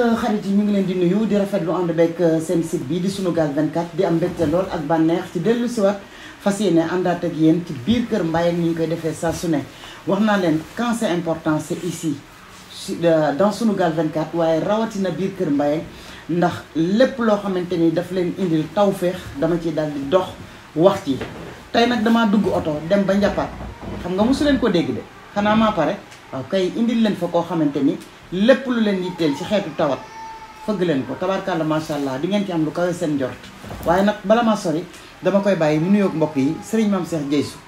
Euh, xarit yi ñu ngi leen di nuyu di rafetlu ànd beeg euh, seen site bi di Sunugal 24 di am mbégte lool ak bànneex ci dellu siwaat fas yéene àndaat ak yéen ci biir kër Mbaye ak ni koy defee sa su ne wax naa leen quand c'est important c'est ici euh, dans Sunugal 24 waaye rawatina biir kër Mbaye ndax lépp loo xamante ni daf leen indil tawféex dama ci dal di dox wax ci tey nag damaa dugg oto dem ba njàppaat xam nga mosu leen ko lépp lu leen yitteel ci xeetu tawat fëgg leen ko tabarkàlla macha allah di ngeen ci am lu kawe seen njort waaye nag bala maa sori dama koy bàyyi mu nuyoog mbokk yi sëriñ maam seex Dieysu.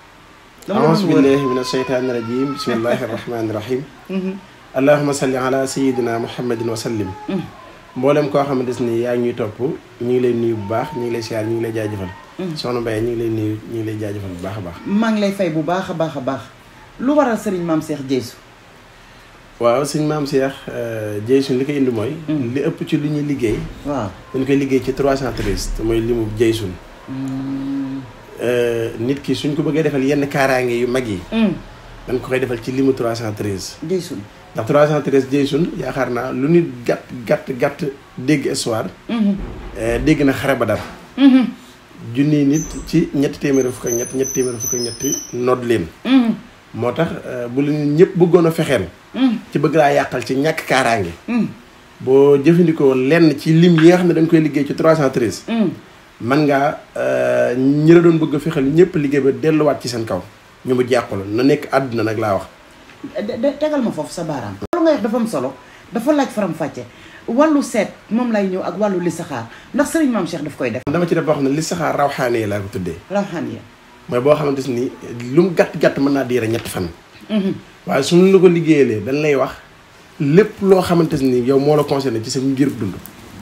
aouzu billahi min asheytaani rajim bismillahi rahmaani rahim. Mhm. allahuma salli ala sayidina muhammadin wa sallim. Mhm. mboolem koo xam ne si ni yaa ñuy topp ñu ngi lay nuyu bu baax ñu ngi lay siyaar ñu ngi lay jaajëfal. Mhm. soxna Mbaye ñu ngi lay nuyu ñu ngi lay jaajëfal bu baax a baax. maa ngi lay fay bu baax a baax a baax lu waral sëriñ maam seex Dieysu waaw suñ ma Cheikh jëy euh, suñ li ko indi mooy. Hmm. li ëpp ci lu ñuy liggéey. waaw dañ koy liggéey ci 313 te mooy limu jëy suñ. Hmm. Euh, nit ki suñ ko bëggee defal yenn kaaraange yu mag yi. Hmm. dañ ko koy defal ci limu 313. jëy suñ ndax 313 jëy yaakaar naa lu nit gàtt gàtt gàtt dégg histoire. Euh, dégg na xare ba dara. junni nit ci ñetti téeméer fu ak ñett ñetti téeméeri fukk ak ñetti nodd moo tax euh, bu la nit ñëpp bëggoon a fexeel. Mm. ci bëgg laa yàqal ci ñàkk kaaraange. Mm. boo jëfandikoo lenn ci lim yi nga xam ne da koy liggéey ci trois 313. Mm. man ngaa euh, ñi la doon bëgg a fexeel ñëpp liggéey ba delluwaat ci seen kaw ñu mu jàqul na nekk àdduna nag laa wax. tegal ma foofu sa baaraam. loolu nga wax dafa solo dafa laaj faram fàcce wàllu seet moom lay ñëw ak wàllu li saxaar ndax sëriñ maam Cheikh daf koy def. dama ci def boo xam ne li saxaar rawxaane yi laa ko tuddee. rawxaane yi. mooy boo xamante ni lu mu gàtt gàtt mën naa diire ñetti fan. waaye suñu la ko liggéeyalee dañ lay wax lépp loo xamante nii yow moo la concerné ci sa ngir dund.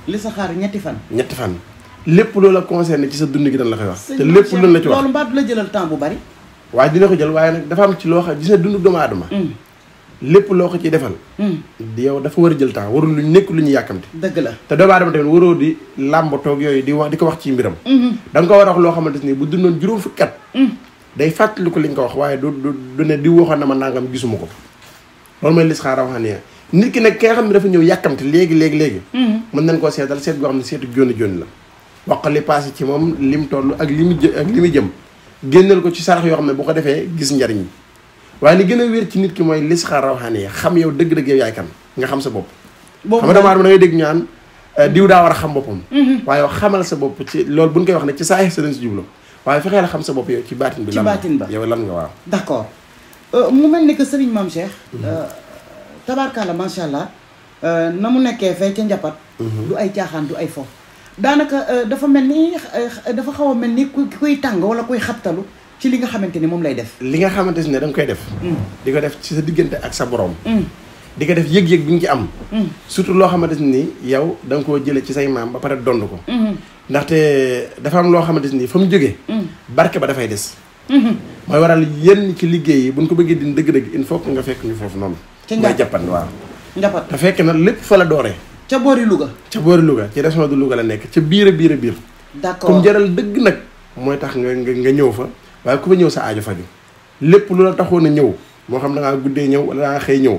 li sa xaar ñetti fan. ñetti fan lépp loo la concerné ci sa dund gi dañ la koy wax. te lépp luñ la ci wax loolu mbaa du la jëlal temps bu bari. waaye dina ko jël waaye nag dafa am ci loo xam gis nga dundu doomu aadama. Mm. lépp loo ko ci defal. Hmm. yow dafa war a jël temps warul lu ñu nekk lu ñu yàkkamti. dëgg la te doomu aadama tamit waroo di làmbatoo yooyu di wax di ko wax ci mbiram. Hmm. danga ko war a wax loo xamante ni bu dundoon juróom fukki hmm. day fàttali ko li nga ko wax waaye du du du ne di waxoon na ma nangam gisuma ko loolu mooy lisxaara waxaan nit ki nag ki nga xam ne dafa ñëw yàkkamti léegi léegi léegi. mën nañ koo seetal seet goo xam ne seetu jónni jónni la. wax li passé ci moom lim toll ak li mu ak li mu jëm génneel ko ci sarax yoo xam ne bu ko defee gis njariñ waaye li gën a wér ci nit ki mooy lisxaar rawxaani xam yow dëgg-dëgg yow yaay kan nga xam sa bopp xam nga dama da ngay dégg ñaan euh, diw daa war a xam boppam mhm. waaye yow xamal sa bopp ci loolu buñ koy wax ne ci saa sa lañ si jublu waaye fexee la xam sa bopp yow ci baatin bi ci baatin ba yow lan nga waaw d'accord euh, mu mel ni que sëriñ maam Cheikh mhm. euh, tabaarkalla macha allah na mu nekkee fee ca njapat mhm. du ay caaxaan du ay fo daanaka dafa mel ni dafa xaw a mel ni ku kuy tàng wala kuy xabtalu ci li nga xamante ni moom lay def li nga xamante ne danga koy def mm. di ko def ci sa diggante ak sa borom mm. di ko def yëg-yëg bi nga ci am mm. surtout loo xamante ni yow da koo jële ci say maam ba pare dond ko mm-hmm. ndaxte dafa am loo xamante ni fa mu jógee barke ba dafay des mm-hmm. mooy waral yenn ci liggéey yi buñ ko bëggee din dëgg-dëgg il faut nga fekk ñu foofu noonu mooy jàppand waaw njàppat te fekk na lépp fa la dooree ca boori Louga ca boori Louga ci région de Louga la nekk ca biir biir a biir d'accord comme jaral dëgg nag mooy tax nga nga ñëw fa waaye ku fa ñëw sa aajo faju lépp lu la taxoon a ñëw moo xam da ngaa guddee ñëw wala da xëy ñëw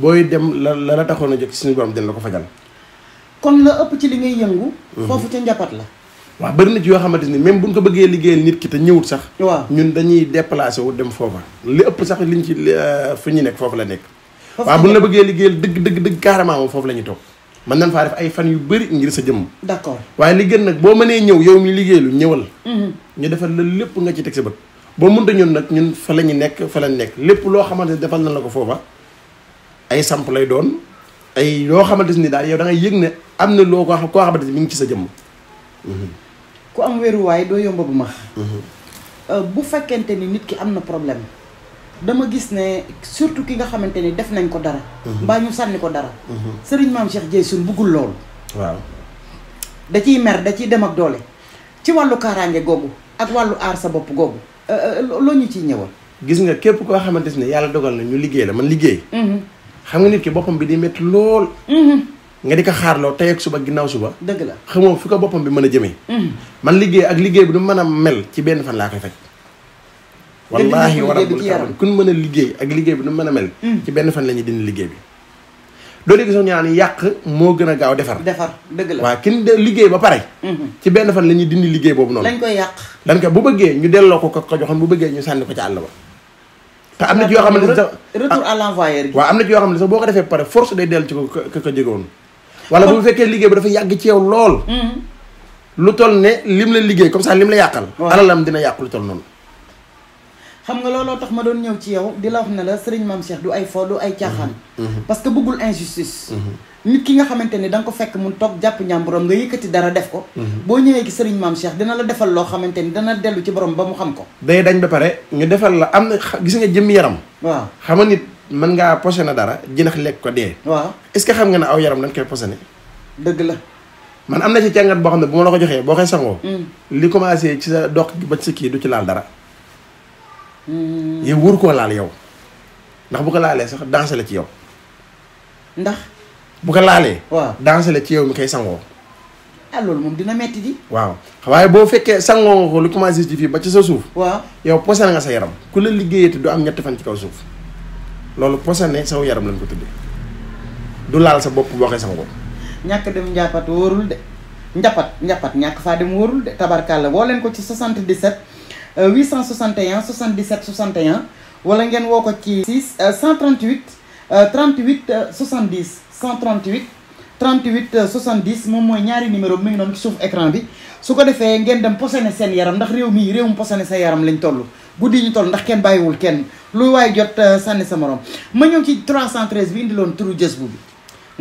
booy dem la la la taxoon a suñu borom dina la ko fajal. kon la ëpp ci li ngay mhm. foofu ca njaboot la. waaw bëri na ci yoo xamante ni même buñ ko bëggee liggéeyal nit ki te ñëwut sax. waaw ñun dañuy déplacé wu dem foofa. li ëpp sax liñ ci fi euh, ñu nekk foofu la nekk. waaw buñ la bëggee liggéeyal dëgg dëgg dëgg carrément moom foofu la ñuy toog mën nañ faa def ay fan yu bëri ngir sa jëmm. d'accord waaye li gën nag boo mënee ñëw yow mi liggéeyalu ñëwal. Mhm. ñu defal la lépp nga ci teg sa bët boo mënta ñoon nag ñun fa la ñu nekk fa la ñu nekk lépp loo xamante ne defal na la ko foofa ay samp lay doon ay yoo xamante ni daal yow da ngay yëg ne am na loo ko koo xamante ni ngi ci sa jëmm. Mhm. am wéruwaay doo yomba bu mhm. euh, bu fekkente ni nit ki am na problème dama gis ne surtout ki nga xamante ni def nañ ko dara. Mhm. mbaa ñu sànni ko dara. sëriñ maam Cheikh Dieye suñ buggul loolu. waaw da ciy mer da ciy dem ak doole ci wàllu kaaraange googu. ak wàllu aar sa bopp googu euh, euh, loo ñu ciy ñëwal. gis nga képp koo xamante ne yàlla dogal na ñu liggéey la man liggéey. Mm-hmm. xam nga nit ki boppam bi di métti lool. Mm-hmm. nga di ko xaarloo tey ak suba ginnaaw suba. dëgg la xamoo fi ko boppam bi mën a jëmee. Mm-hmm. man liggéey ak liggéey bi du mën a mel ci benn fan laa koy fekk. wallaahi wa rabbul kun mën a liggéey ak liggéey bi du mën a mel. Mm. ci benn fan la ñuy liggéey bi. doo léegi sax ñu naan yàq moo gën a gaaw defar. defar dëgg la waaw kin de liggéey ba pare. Mhm. ci benn fan la ñuy dindi liggéey boobu noonu. lañ koy yàq. dañ ko bu bëggee ñu delloo ko ko joxoon bu bëggee ñu sànni ko ci àll ba. te am na ci yoo xam ne sax retour am na ci xam ne sax boo ko defee pare force day dellu ci ko ko ko jegoon wala bu fekkee liggéey ba dafa yàgg ci yow lool. Mhm. lu toll ne lim la liggéey comme ça lim la yàqal. alalam dina yàqu lu toll noonu xam nga looloo tax ma doon ñëw ci yow di la wax ne la sëriñ maam Cheikh du ay fo du ay caaxaan. Mm-hmm. Mm-hmm. parce que bëggul injustice. Mm-hmm. nit ki nga xamante ni da ko fekk mun toog jàpp ñàmburam nga yëkkati dara def ko. boo ñëwee ci sëriñ maam Cheikh dina la defal loo xamante ni dana dellu ci borom ba mu xam ko. dañ ba pare ñu defal la am na gis nga jëmm yaram. waaw xam nga nit mën ngaa posé na dara jinax lekk ko dee. waaw est-ce xam nga ne aw yaram dañ koy posé ne. dëgg la. man am na ci càngat boo xam ne bu ma la ko joxee boo koy sangoo. Mm. li commencé ci sa dox ba ci kii du ci laal dara Hmm. yow wur koo laal yow ndax bu ko laalee sax danse la ci yow. ndax. bu ko laalee. waaw danse la ci yow mi koy sangoo. ah loolu moom dina metti di. waaw waaye boo fekkee sangoo nga ko lu commencé ci fii ba ci sa suuf. waaw yow posé na nga sa yaram. ku la liggéeyati du am ñett fan ci kaw suuf loolu posé ne saw yaram lañ ko tuddee du laal sa bopp boo koy sangoo. ñàkk dem njàppat warul de. njàppat njàppat ñàkk faa dem wóorul de tabarkalla woo leen ko ci 77. 861 77 61 wala ngeen woo ko ci 6 138 38 70 138 38 70 moom mooy ñaari numéro bi mu ngi doon ci suuf écran bi su ko defee ngeen dem posone seen yaram ndax réew mi réewum posone sa yaram lañ toll guddi yi ñu toll ndax kenn bàyyiwul kenn lu waaye jot euh, sànni sa morom ma ñëw ci 313 bi indi loon turu jës bu bi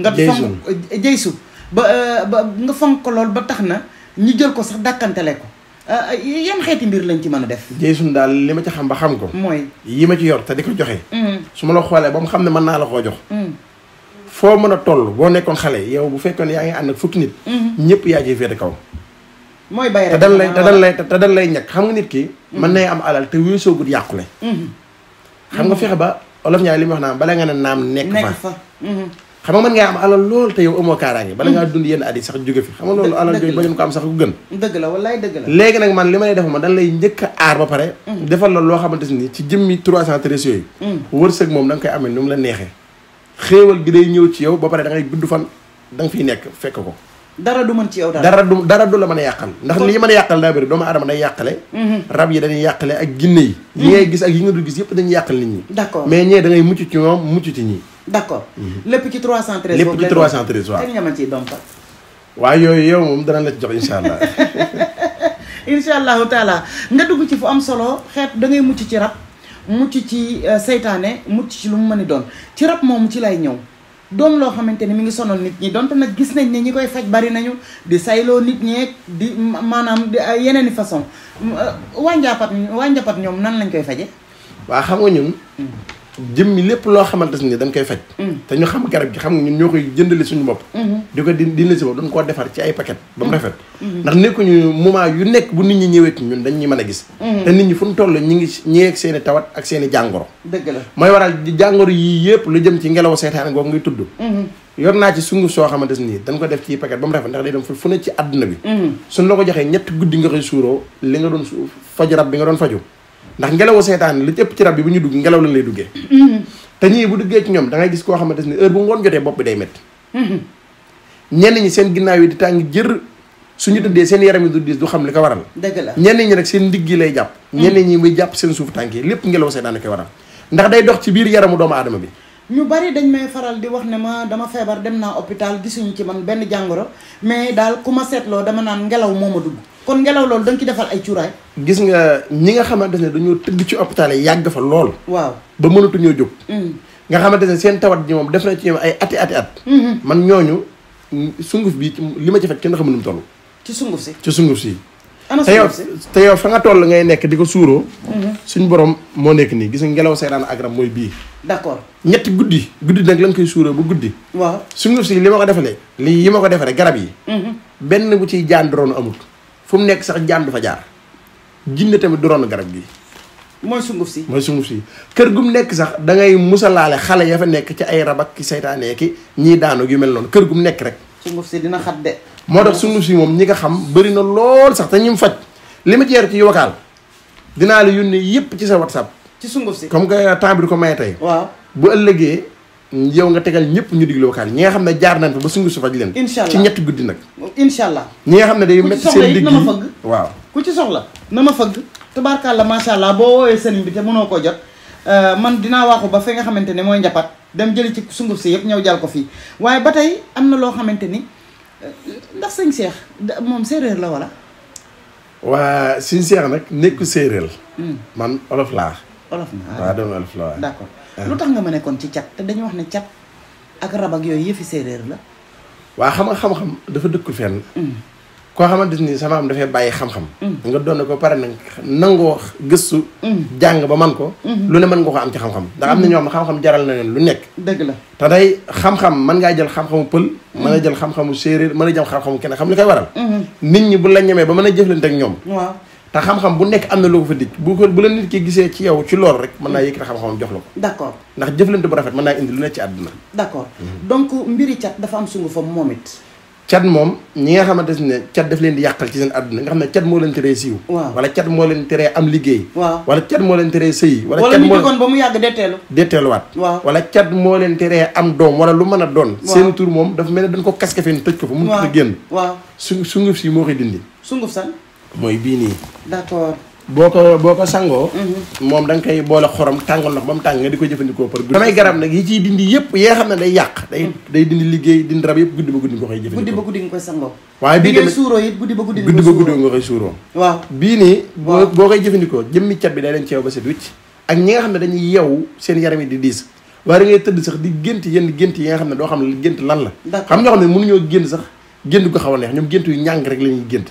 nga fonk euh, jëysu ba euh, ba nga fonk ko lool ba tax na ñu jël ko sax dàkkantele ko Euh, euh, yan xeeti mbir lañ ci man a def Jason daal li ma ci xam ba xam ko mooy yi ma ci yor te di ko joxe mm-hmm. su ma la xoolee ba mu xam ne man naa la koo jox mm-hmm. foo man a toll boo nekkoon xale yow bu fekkoon yaa ngi ànd ak fukki nit mm-hmm. ñëpp yaa ciy féete kaw mooy bay rek te dan lay te dan lay te dan xam nga nit ki mën nay am alal te weesoo gut yàqule xam nga fexe ba olof ñaar li mu wax naan bala nga ne naam nekk fa xam nga mën am alal lool te yow amoo kaaraange bala ngaa dund yenn at yi sax jóge fi xam nga loolu alal jooju bañoon ko am sax ku gën dëgg la wallaay dëgg la man li ma lay def ma dan a aar ba pare mm. defal la loo xamante ni ci jëmmi trois cent treize yooyu mm. wërsëg moom da nga koy amee ba pare da ngay gudd fan da nga fiy nekk fekk ko dara du mën ci yow dara du dara du la mën a yàqal ndax lii mën a yàqal daa bëri doomu aadama day yàqale mm-hmm. rab yi dañuy yàqale ak ginne yi yi mm-hmm. ngay gis ak yi nga dul gis yëpp dañuy yàqal nit mais ñee da ngay mucc ci ñoom mucc ci ñii d' accord. Mhm. lépp ci 313. lépp ci 313 waaw kañ nga ma ciy dompat. waaw yooyu yow moom dana la ci jox incha allah. incha allahu taala nga dugg ci fu am solo xeet da ngay mucc ci rab mucc ci euh, seytaane mucc ci lu mu mën a doon ci rab moomu ci lay ñëw doon loo xamante ni mi ngi sonal nit ñi donte nag gis nañ ne ñi koy faj bari nañu di sayloo nit ñeeg di maanaam di yeneen i façon euh, waa njaapat waa njaapat ñoom nan lañ koy faje waa xam nga ñun mm. jëmmi lépp loo xamante ni dañ koy faj mm. te ñu xam garab gi xam nga ñun ñoo koy jëndale suñu bopp mm-hmm. di ko di dina si bopp dañ koo mm-hmm. Mm-hmm. a gis te nit ñi fu ñu toll ñi ak seen i tawat ak seen jàngoro mooy waral jàngoro yii yëpp lu jëm ci ngelaw seetaan googu ngay tudd yor naa ci sungu soo xamante ni dañ ko def ci paquet ba mu rafet ndax day dem fu ne ci àdduna bi suñ la ko joxee ñetti guddi nga koy suuroo li nga doon faju rab bi nga doon faju ndax ngelawu seytaane lu ci ëpp ci rab bi bu ñu dugg ngelaw la lay duggee te ñii bu duggee ci ñoom da gis koo xam xamante ne heure bu ngoon jotee bopp bi day métti ñenn ñi seen ginnaaw yi di tàng jër suñu tëddee seen yaram yi du diis du xam li ko waral dëgg la ñenn ñi nag seen ndigg yi lay jàpp mm. ñenn ñi muy jàpp seen suuf tànk yi lépp ngelaw seytaane ko waral ndax day dox ci biir yaramu doomu aadama bi ñu bari dañ may faral di wax ne ma dama feebar dem naa hôpital gisuñu ci man benn jàngoro mais daal ku ma seetloo dama naan ngelaw moo ma dugg kon ngelaw loolu dañ ci defal ay cuuraay. gis nga ñi nga xamante ne dañoo tëdd ci hôpital yi yàgg fa lool. waaw ba mënatuñoo jóg. Mm. nga xamante ne seen tawat ji moom def na ci ñoom ay ati ati at. Mm-hmm. man ñooñu sunguf bi li ma ci fekk kenn xamul nu mu toll. ci sunguf si ci sunguf si. te yow te yow fa nga toll ngay nekk di ko suuroo. Mhm. suñ borom moo nekk nii gis ngelaw seeraan ak rab mooy bii. d'accord ñetti guddi guddi nag lañ koy suuroo ba guddi. waaw suñu si li ma ko defalee. li yi ma ko defaree garab yi. Mhm. benn bu ciy jaan drone amut fu mu nekk sax jaan du fa jaar jinne tamit drone garab gi. mooy sunguf si mooy sunguf si kër gu mu nekk sax dangay ngay musalaale xale ya fa nekk ci ay rab ak ki seytaane ki ñii daanu yu mel noonu kër gum nekk rek. sunguf si dina xat de. moo tax sunguf si moom ñi nga xam bëri na lool sax te ñu faj li ma jeeru ci yokaal dinaa la yónnee yëpp ci sa whatsapp. ci sunguf si comme que temps bi ko maye tey. waaw bu ëllëgee yow nga tegal ñëpp ñu diglu yokaal ñi nga xam ne jaar nañ fa ba sunguf si leen. incha ci ñetti guddi nag. incha allah ñi nga xam ne day métti seen digg yi waaw ku ci soxla na ma fëgg tubaarkàlla macha allah boo woowee sëriñ bi te mënoo koo jot euh, man dinaa waxu ba fi nga xamante ne mooy njapat dem jëli ci sunguf si yëpp ñëw jal ko fii waaye ba tey am na loo xamante ni ndax sëñ Cheikh moom séeréer la wala. waa sëñ Cheikh nag nekku séeréer. Hmm. man olof laa. olof laa waaw doomu olof laa d'accord ah. lu tax nga ma nekkoon ci cat te dañu wax ne cat ak rab ak yooyu yëfi séeréer la. waa xam nga xam dafa dëkkul fenn. Hmm. koo xamante ni sama am dafay bàyyi xam-xam. Mm. nga doon ko pare nag nangoo gëstu. Mm. jàng ba man ko. Mm-hmm. lu ne mën nga ko am ci xam-xam. ndax am na ñoo xam xam-xam jaral na leen lu nekk. dëgg la te day xam-xam mën ngaa jël xam-xamu pël. Mm. mën a jël xam-xamu séeréer mën a jël xam-xamu keneen xam li koy waral. Mm-hmm. nit ñi bu la ñemee ba mën a jëflante ak ñoom. te xam-xam bu nekk am na loo ko fa dikk bu ko bu la nit ki gisee ci yow ci lool rek mën naa yëkkati xam-xamam jox la ko d'accord ndax jëflante bu rafet mën naa indi lu ne cat moom ñi nga xamante ne cat daf leen di yàqal ci seen àdduna nga xam ne cat moo leen teree siiw wala cat moo leen teree am liggéey waaw wala cat moo leen teree sëy wala cat moo ba mu yàgg detteelu detteeluwaat waaw moo leen teree am doom wala lu mën a doon seen tur moom dafa mel ne dañ ko kaske fen tëj ko fa mënut a génn waaw su sunguf si moo koy dindi sunguf san mooy bii nii d'accord boo ko boo ko sangoo. Mhm. moom da nga koy boole xorom tàngal ndox ba mu tàng nga di ko jëfandikoo par guddi. damay garab nag yi ciy dindi yëpp yee xam ne day yàq. day mhm. day dindi yëpp guddi ba guddi nga koy jëfandikoo. guddi ba guddi nga koy sangoo. waaye bii tamit suuroo it koy suuroo nii. boo boo koy jëfandikoo jëmmi cat bi day leen ceew ba set wicc. ak ñi nga xam ne dañuy yeewu seen yaram yi di diis waaye ngay tëdd sax di gént yenn gént yi nga xam ne doo xam ne gént lan la. xam ñoo xam ne mënuñoo gént sax gént ko xaw a neex ñoom gént yu ñàng rek la ñuy gént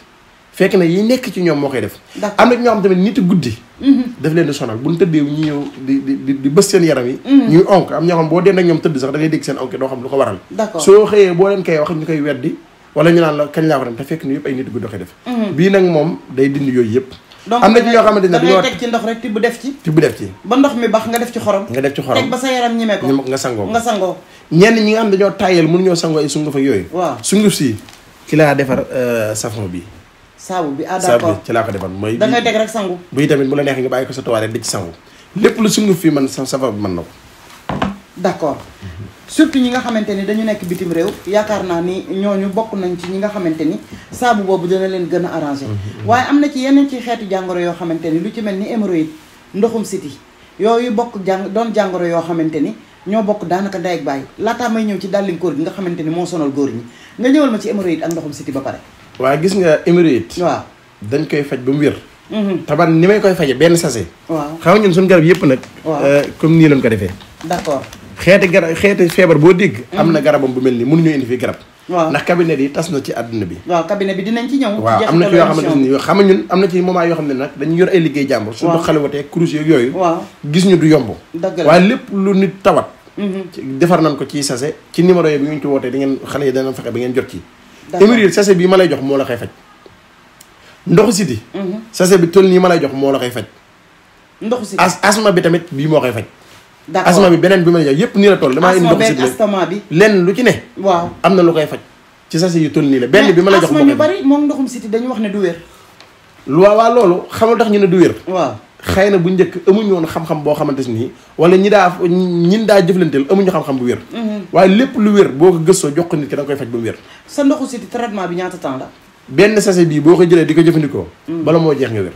fekk na yi nekk ci ñoom moo koy def am na ñoo xam tamit nit guddi mhm. daf leen di sonal bu ñu tëddee ñu ñëw di bës seen yaram yi mhm. ñuy onk am ñoo xam boo dend ak ñoom tëdd sax da ngay dégg seen onk doo xam lu ko waral mhm. yooyu yëpp am na ci ñoo xamante ne dañoo teg ci ndox rek tibb def ci tibb def ci ba ndox mi bax nga def ci sa yaram sangoo nga sangoo ñenn ñi nga xam dañoo tàyyel mënu ñoo sangoo ay sunguf yooyu sunguf si ki laa defar euh, safon bi saabu bi ah d'accord saabu bi ci laa ko defal mooy. da ngay teg rek sangu. bii tamit bu la neexee nga bàyyi ko sa tuwaaree ci sangu lépp lu sunguf fii man sa safar bi mën na ko. d'accord surtout ñi nga xamante ni dañu nekk bitim réew yaakaar naa ni ñooñu bokk nañ ci ñi nga xamante ni saabu boobu dina leen gën a arrangé. Mhm. waaye am na ci yenn ci xeetu jàngoro yoo xamante ni lu ci mel ni hémorroïde ndoxum siti yooyu bokk jàng doon jàngoro yoo xamante ni ñoo bokk daanaka ndey ak bàyyi laataa may ñëw ci dàllinkoor gi nga xamante ni moo sonal góor ñi nga ñëwal ma ci hémorroïde ak ndoxum siti ba pare waaye gis nga hémorroïde waaw dañ koy faj ba mu wér mhm. taban ni may koy faje benn sachet waaw xam garab yëpp nag euh, comme nii lañ ko defee d'accord xeeti garab xeeti feebar boo dégg mhm. am na garabam bu mel ni mënuñoo indi fii garab waaw ndax cabinet yi tas na ci àdduna bi waaw cabinet bi dinañ ci ñëw waaw am na ci yoo xamante ni xam nga na yoo xam ne nag dañu yor ay liggéey jàmbur suñu xalawatee cruise yeeg yooyu waaw gis ñu du yomb waaye lépp lu nit tawat mhm. defar nañ ko ci sachet ci numéro yi bi ñu ci wootee di ngeen xale yi danañ fexe ba ngeen ci hémorroïde sachet bii ma lay jox moo la koy faj ndoxu siti mhm. sachet bi toll nii ma lay jox moo la koy faj ndoxu siti as asma bi tamit bii moo koy faj d'accord asma bi beneen bi ma lay jox yëpp nii la toll damaa indi ndoxu siti bi lenn lu ci ne waaw am na lu koy faj ci sachet yu toll nii la benn bi ma lay jox moo koy faj asma ñu bari moom ndoxum siti dañu wax ne du wér lu waaw loolu xamul tax ñu ne du wér waaw xëy na bu njëkk amuñu woon xam-xam boo xamante nii wala ñi daa ñin daa jëflanteel amuñu xam-xam bu wér mhm. waaye lépp lu wér boo ko gëstoo jox ko nit ki da koy faj ba mu wér sa traitement bi ñaata temps benn sachet bii boo ko jëlee di ko jëfandikoo mhm. bala moo jeex nga wér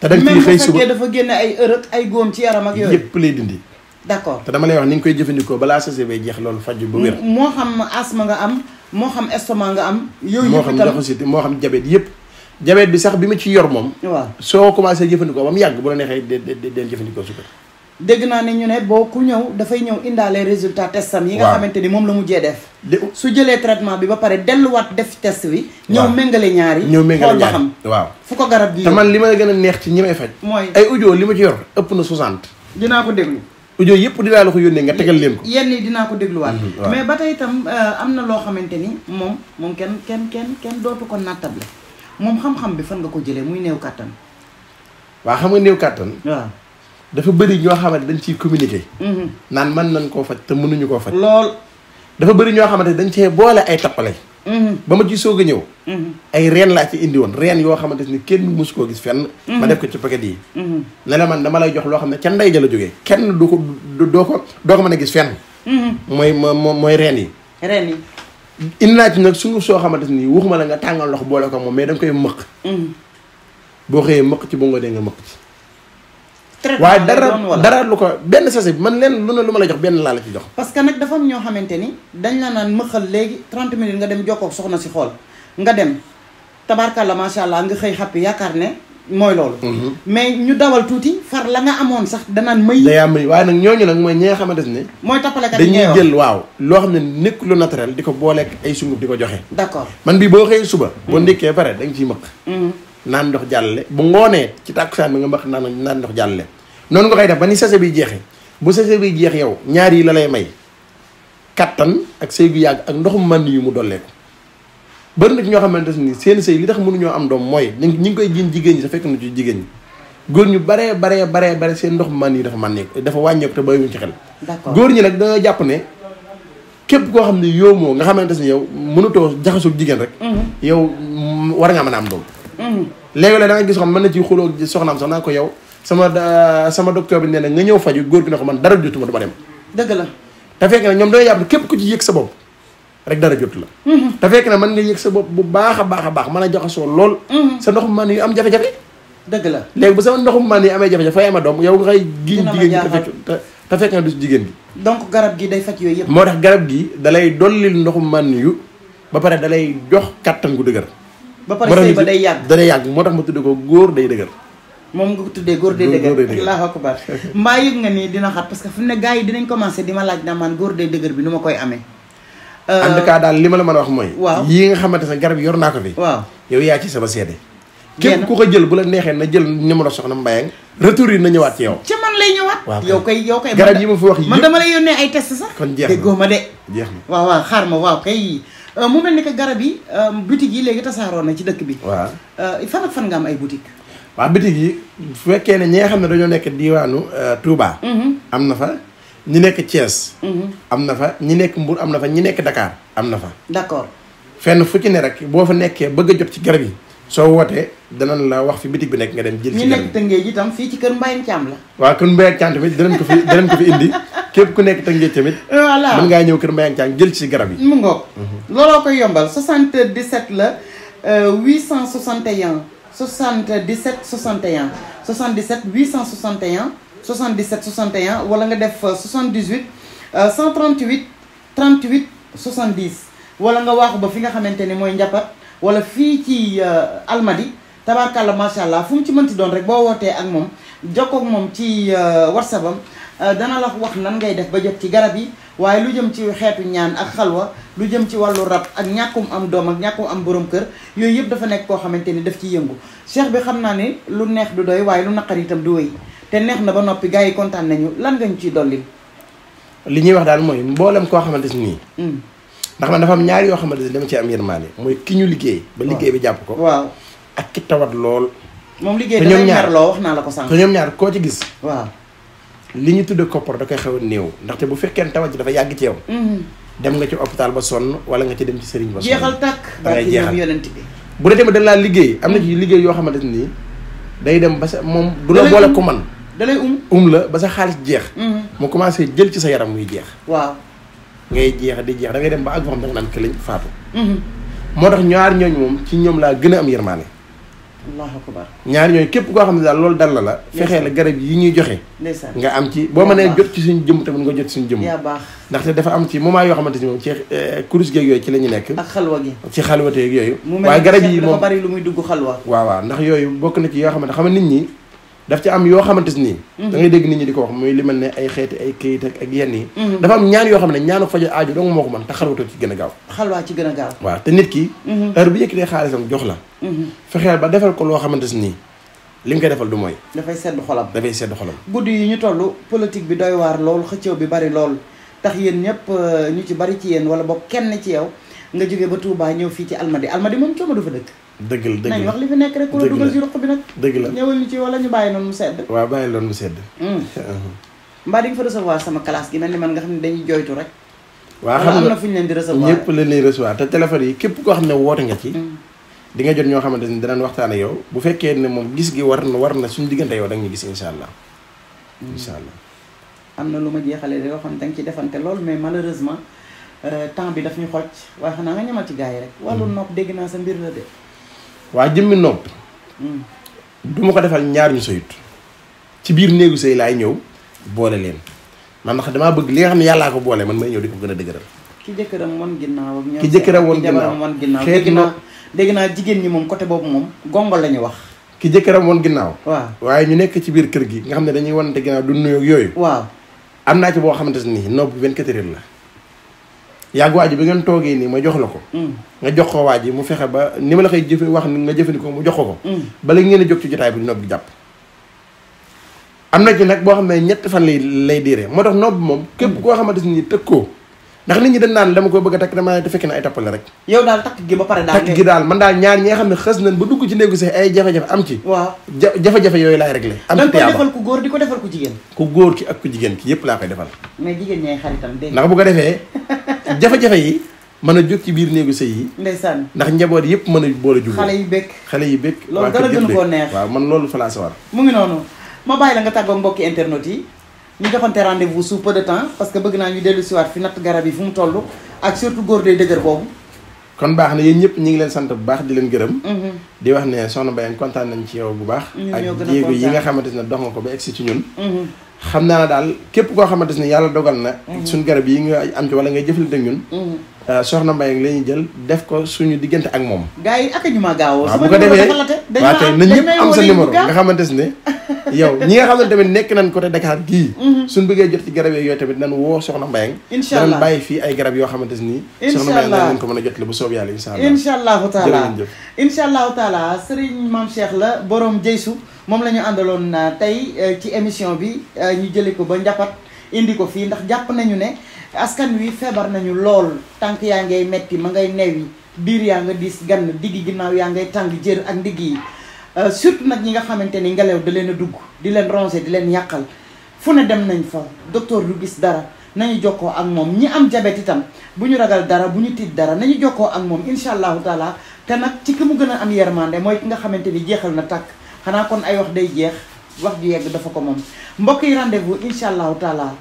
te da nga ciy xëy suba même dafa génne ay ërëg ay góom ci yaram ak yooyu yëpp lay dindi d'accord te dama lay wax ni nga koy jëfandikoo balaa sachet bay jeex loolu faj ba wér moo xam asma nga am moo xam estomac nga am yooyu moo xam ndoxu siti moo xam jabet yëpp jabet bi sax bi ma ci yor moom. waaw soo commencé jëfandikoo ba mu yàgg boo la neexee de de del jëfandikoo suukar. dégg naa ne ñu ne boo ku ñëw dafay ñëw indaalee résultat testam yi nga xamante ni moom la mujjee def. su jëlee traitement bi ba pare delluwaat def test bi. ñëw méngale ñaari. ñëw méngale ñaari xam waaw. fu ko garab gi te man li ma gën a neex ci ñi may faj. mooy ay audio li ma ci yor ëpp na 60. dinaa ko déglu. audio yëpp dinaa la ko yónnee nga tegal leen ko. yenn yi dinaa ko dégluwaat. Mm-hmm, mais ba tey itam euh, am na loo xamante ni moom moom kenn kenn kenn kenn dootu ko nattable. moom xam-xam bi fan nga ko jëlee muy néew kàttan waaw xam nga néew kàttan waaw dafa bëri ñoo xamante dañ ciy communiquer mhm. naan mën nañ koo faj te mënuñu koo faj lool dafa bëri ñoo xamante dañ cee boole ay tappale mhm. ba ma ci soog a ñëw mhm. ay reen laa ci indi woon reen yoo xamante ni kenn mosu koo gis fenn ma def ko ci paquet yi ne la man dama lay jox loo xam ne ca ndey ja la jógee kenn du ko doo ko doo ko mën a gis fenn mooy mooy reen yi reen yi innaa nag sunguf soo xamante nii ni ma la nga tàngal ndox boole ko moom mais da nga koy mëq mm. boo xëyee mëq ci bu nga dee nga mëq ci waaye dara dara lu ko benn sachet bi man leen lu ne lu ma la jox benn laa la ci jox parce que nag dafa am ñoo xamante ni dañ la naan mëqal léegi 30 minutes nga dem jokkoo na si xool nga dem tabarkalla macha allah nga xëy xappi yaakaar ne mooy loolu. Mhm. mais ñu dawal tuuti far la nga amoon sax danaan may. day am waaye nag ñooñu nag mooy ñi nga xamante ne. mooy tappalekat yi dañuy jël waaw. loo xam ne nekk lu naturel di ko booleeg ay sunguf di ko joxe. d'accord man bi boo xëyee suba. boo mhm. ndékkee pare da nga ciy mëq. Mhm. naan ndox jàllale bu ngoonee ci saa mi nga mëq naan naan ndox jàllale. noonu nga koy def ba ni sase bi jeexee bu sase bi jeex yow ñaar yi la lay may kattan ak sëy gu yàgg ak ndoxum mën yu mu dollee ko bëri na ci ñoo xamante ni seen sëy li tax mënuñoo am doom mooy ñu ngi koy jiin jigéen ñi sa fekk na ci jigéen ñi góor ñu baree baree baree bare seen ndox man yi dafa man ni dafa wàññeeku te bàyyiwuñ ci xel góor ñi nag dañoo jàpp ne képp koo xam ne yow moo nga xamante ni yow mënutoo jaxasoog jigéen rek mhm. yow war nga mën a am doom mhm. léegi la da nga gis xam mën na ci xuloo soxnaam sax naa ko yow sama euh, sama docteur bi nee na nga ñëw faju góor gi ne ko man dara jotuma du ma dem dëgg la te fekk ñoom dañoo jàpp képp ku ci yëg sa bopp rek dara jotu la mm-hmm. te fekk na man nga yëg sa bopp bu baax a baax a baax mën a joxasoo lool mm-hmm. sa ndoxum man yu am jafe-jafe dëgg la léegi bu sa ndoxum man yi amee jafe-jafe fay ama doom yow nga xay giñ jigéen gi te fekk jigéen gi donc garab gi day faj yooyu yëpp moo tax garab gi dalay dollil ndoxum man yu ba pare dalay jox kattan gu dëgër ba pare sëy ba day yàgg day yàgg moo tax ma tudde ko góor day dëgër ko tuddee góor day dëgër allahu akbar mbaa yëg nga ni dina xat parce que fu ne gars yi dinañ commencé di ma laaj naa man góor day dëgër bi nu ma koy amee Euh, en kaa daal li ma la man a wax mooy. waaw nga xamante ne garab yor naa ko fi. waaw yow yaa ci sama seede. képp ku ko jël bu la neexee na jël numéro soxna Mbayang retour yi na ñëwaat ci yow. ca man lay ñëwaat. yow kay yow kay. yi ma fi wax yëpp man dama lay yónnee ay test sax. kon jeex ma de. jeex na waaw waaw xaar ma waaw kay. Euh, mu mel ni garab yi euh, boutique yi léegi tasaaroo na ci dëkk bi. waaw fan ak fan nga am ay boutique waaw boutique yi bu fekkee ne ñi nga xam ne dañoo nekk diwaanu tuubaa mm-hmm. am na fa. ñi nekk Thiès. Mhm. am na fa ñi nekk Mbour am na fa ñi nekk dakaar am na fa. d'accord fenn fu ci ne rek boo fa nekkee bëgg a jot ci garab yi. soo wootee danañ la wax fi bitig bi nekk nga dem. jël ci garab yi ñu nekk Tëngéej fii ci kër Mbayang Thiam la. waaw kër Mbayang Thiam tamit danañ ko fi danañ ko fi indi képp ku nekk Tëngéej tamit. voilà mën ngaa ñëw kër Mbayang Thiam jël ci garab yi. mu ngoog. Mhm. looloo koy yombal 77 la 861 77 61 77 861. 77 61 wala nga def 78 138 38 70 wala nga waaxu ba fi nga xamante ne mooy njàppat wala fii ci euh, almadi tabarkàlla macha allah fu mu ci mënti doon rek boo wootee ak moom jokkoo ak moom ci euh, whatsapp am euh, dana la wax nan ngay def ba jot ci garab yi waaye lu jëm ci xeetu ñaan ak xalwa lu jëm ci wàllu rab ak ñàkkum am doom ak ñàkkum am borom kër yooyu yëpp dafa nekk koo xamante ni daf ci yëngu cheikh bi xam naa ne lu neex du doy waaye lu naqar itam du te neex na ba noppi gars yi kontaan nañu lan nga ñu ciy dolli. li ñuy wax daal mooy mboolem koo xamante ni. Mm. ndax ma dafa am ñaari yoo xamante ni dama ci am yërmande mooy ki ñu liggéey. ba liggéey bi jàpp ko. waaw ak tawat lool. moom liggéey da ngay merloo wax naa la ko sànq. te ñoom ñaar koo ci gis. waaw li ñu tuddee koppar da koy xaw a néew ndaxte bu fekkee tawat ji dafa yàgg ci yow. Mm-hmm. dem nga ci hôpital ba sonn wala nga ci dem ci sëriñ ba. sonn jeexal tàkk da ngay jeexal yonent bu dee tamit dañ laa liggéey am na ci liggéey yoo xamante nii day dem ba sa moom du la boole ko man dalay um um la ba sa xaalis jeex mm-hmm. mu commencé jël ci sa yaram muy jeex waaw ngay jeex di jeex da ngay dem ba ak boo xam da nga naan këlañ faatu mm-hmm. moo tax ñaar ñooñu moom ci ñoom laa gën a am yërmaane allahu ñaar ñooñu képp koo xam ne daal loolu dal na la fexee la garab yi ñuy joxe nga am ci boo mënee jot ci suñu jëm tamit nga jot ci suñu jëm yaa baax ndaxte dafa am ci moment yoo xamante ni moom ci eh, kurus geeg yooyu ci la ñu nekk ak xalwa gi ci xalwate yeeg yooyu waaye garab yi moom dafa bari dugg xalwa waaw waaw ndax yooyu bokk na ci yoo xamante xam nit ñi daf ci am yoo xamante ni. Mhm. da ngay dégg nit di ko wax muy li mel ne ay xeeti ay kayit yenn yi. Mhm. am ñaan yoo xam ne ñaanu fajo aaju dong moo ko mën te xalwatoo ci gën a gaaw. xalwaa ci gën a waaw te nit ki. Mhm. heure bu yëkkatee jox la. fexeel ba defal ko loo xamante ni li nga koy defal du mooy. dafay sedd xolam dafay sedd xolam. guddi yi ñu toll politique bi doy waar lool xëccëw bi bari lool tax yéen ñëpp euh, ñu ci bari ci yéen wala boog kenn ci yow nga jógee ba Touba ñëw fii ci Almadi Almadi moom coono du fa dëkk dëgg la dëgg la nañ wax li fi nekk rek dëgg la ñëwal ñu ci wala ñu bàyyi noonu mu sedd. waaw bàyyi noonu mu sedd. Hmm. mbaa di nga fa recevoir sama classe gi mel ni man nga xam ne dañuy jooytu rek. waaw xam nga na fu ñu leen di recevoir ñëpp la ñuy recevoir te yi képp koo xam ne woote nga ci. Hmm. di nga jot ñoo xamante ni danañ waxtaan yow bu fekkee ne moom gis gi war na war na suñu diggante yow da gis incha allah. Hmm. incha allah. am na lu ma jeexalee de yoo xam ne da nga defante lool mais malheureusement euh, temps bi daf ñu xoj waaye xanaa nga ñamal ci gars yi rek. dégg naa sa mbir la de waa jëmmi nopp hmm. du ma ko defal ñaar ñu sëyut ci biir néegu sëy laay ñëw boole leen man ndax damaa bëgg li nga xam ne yàllaa ko boole man may ñëw di ko gën a dëgëral. ki jëkkëram woon ginnaaw ak ñoom ki jëkkëram woon ginnaaw xeeti na dégg naa jigéen ñi moom côté boobu moom gongo la ñu wax ki jëkkëram woon ginnaaw waaye ñu nekk ci biir kër gi nga xam ne dañuy wanante ginnaaw du nuyoog yooyu waaw am naa ci boo xamante ni nopp 24 heures la yàgg waa ji bi ngeen toogee nii ma jox la ko mm. nga jox ko waa ji mu fexe ba ni ma la koy jëfe wax ni nga jëfandikoo mu jox ko ko mm. bala ngeen a jóg ci jotaay bi nob bi jàpp am na ci nag boo xam ne ñetti fan lay lay diire moo tax nob moom képp koo xamante ni tëkkoo ndax nit ñi dañ naan dama ko bëgg a takk damaa te fekk na ay tappale rek yow daal takk gi ba pare daal takk gi daal man daal ñaar ñi nga xam ne xës nañ ba dugg ci néegu sax ay jafe-jafe am ci waaw jafe-jafe yooyu laay réglé am ci ko defal ku góor di ko defal ku jigéen ku góor ki ak ku jigéen ki yëpp laa koy defal mais jigéen ñay xaritam dégg ndax bu ko defee jafe-jafe yi mën a jóg ci biir néegu sëy yi ndeysaan ndax njaboot yëpp mën a boole jubóo xale yi bëgg xale yi bëgg loolu a gënu koo neex waaw man loolu fa laa sawar mu ngi noonu ma bàyyi la nga tàggoo mbokki internet yi ñu joxante rendez-vous sous peu de temps parce que bëgg naa ñu dellu siwaat fi natt garab yi fu mu toll ak surtout góor day dëgër boobu kon baax na yéen ñëpp ñu ngi leen sant bu baax di leen gërëm. Mhm. di wax ne soxna Mbayang kontaan nañ ci yow bu baax. ak jéego yi nga xamante ne dox nga ko ba egsi ci ñun. Mhm. xam naa ne daal képp koo xamante ne yàlla dogal na. Mhm. suñ garab yi nga am ci wala ngay jëflante ak ñun. Euh, soxna Mbayang la ñuy jël def ko suñu diggante ak moom. gars yi ak ma gaawoo. sama numéro dafa la defee waaw tey nañ ñëpp am sa numéro nga xamante si ne. yow ñi nga xam ne tamit nekk nañ côté Dakar gii mhm. suñ bëggee jot ci garab yooyu tamit nan woo soxna Mbayang incha allah danañ bàyyi fii ay garab yoo xamante ni soxna Mbayang nan leen ko mën a jot la bu soob yàlla allah incha allahu taala incha la boroom Jeysu moom lañu ñu àndaloon euh, tey euh, ci émission bi euh, ñu jëlee ko ba njàppat indi ko fii ndax jàpp nañu ne askan wi feebar nañu lool tànk yaa ngay metti ma ngay neew yi biir yaa nga diis gann digg ginnaaw yaa ngay tàng jër ak ndigg yi Euh, surtout nag ñi nga xamante ni ngelaw da leen a dugg di leen ronger di leen yàqal fu ne dem nañ fa docteur lu gis dara nañu jokkoo ak moom ñi am jabet itam bu ñu ragal dara bu ñu tiit dara nañu jokkoo ak moom incha allahu taala te nag ci ki mu gën a am yermande mooy ki nga xamante ni jeexal na tàkk xanaa kon ay wax day jeex wax ju yegg dafa ko moom mbokk yi rendez incha allahu taala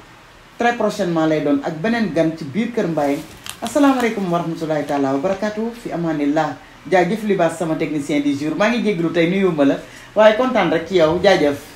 très prochainement lay doon ak beneen gan ci biir Kër Mbaye asalaamaaleykum wa rahmatulahi taala wa barakatuh fi amaanillah jaajëf libaas sama technicien du jour maa ngi jéglu tey nuyu ma la waaye kontaan rek ci yow jaajëf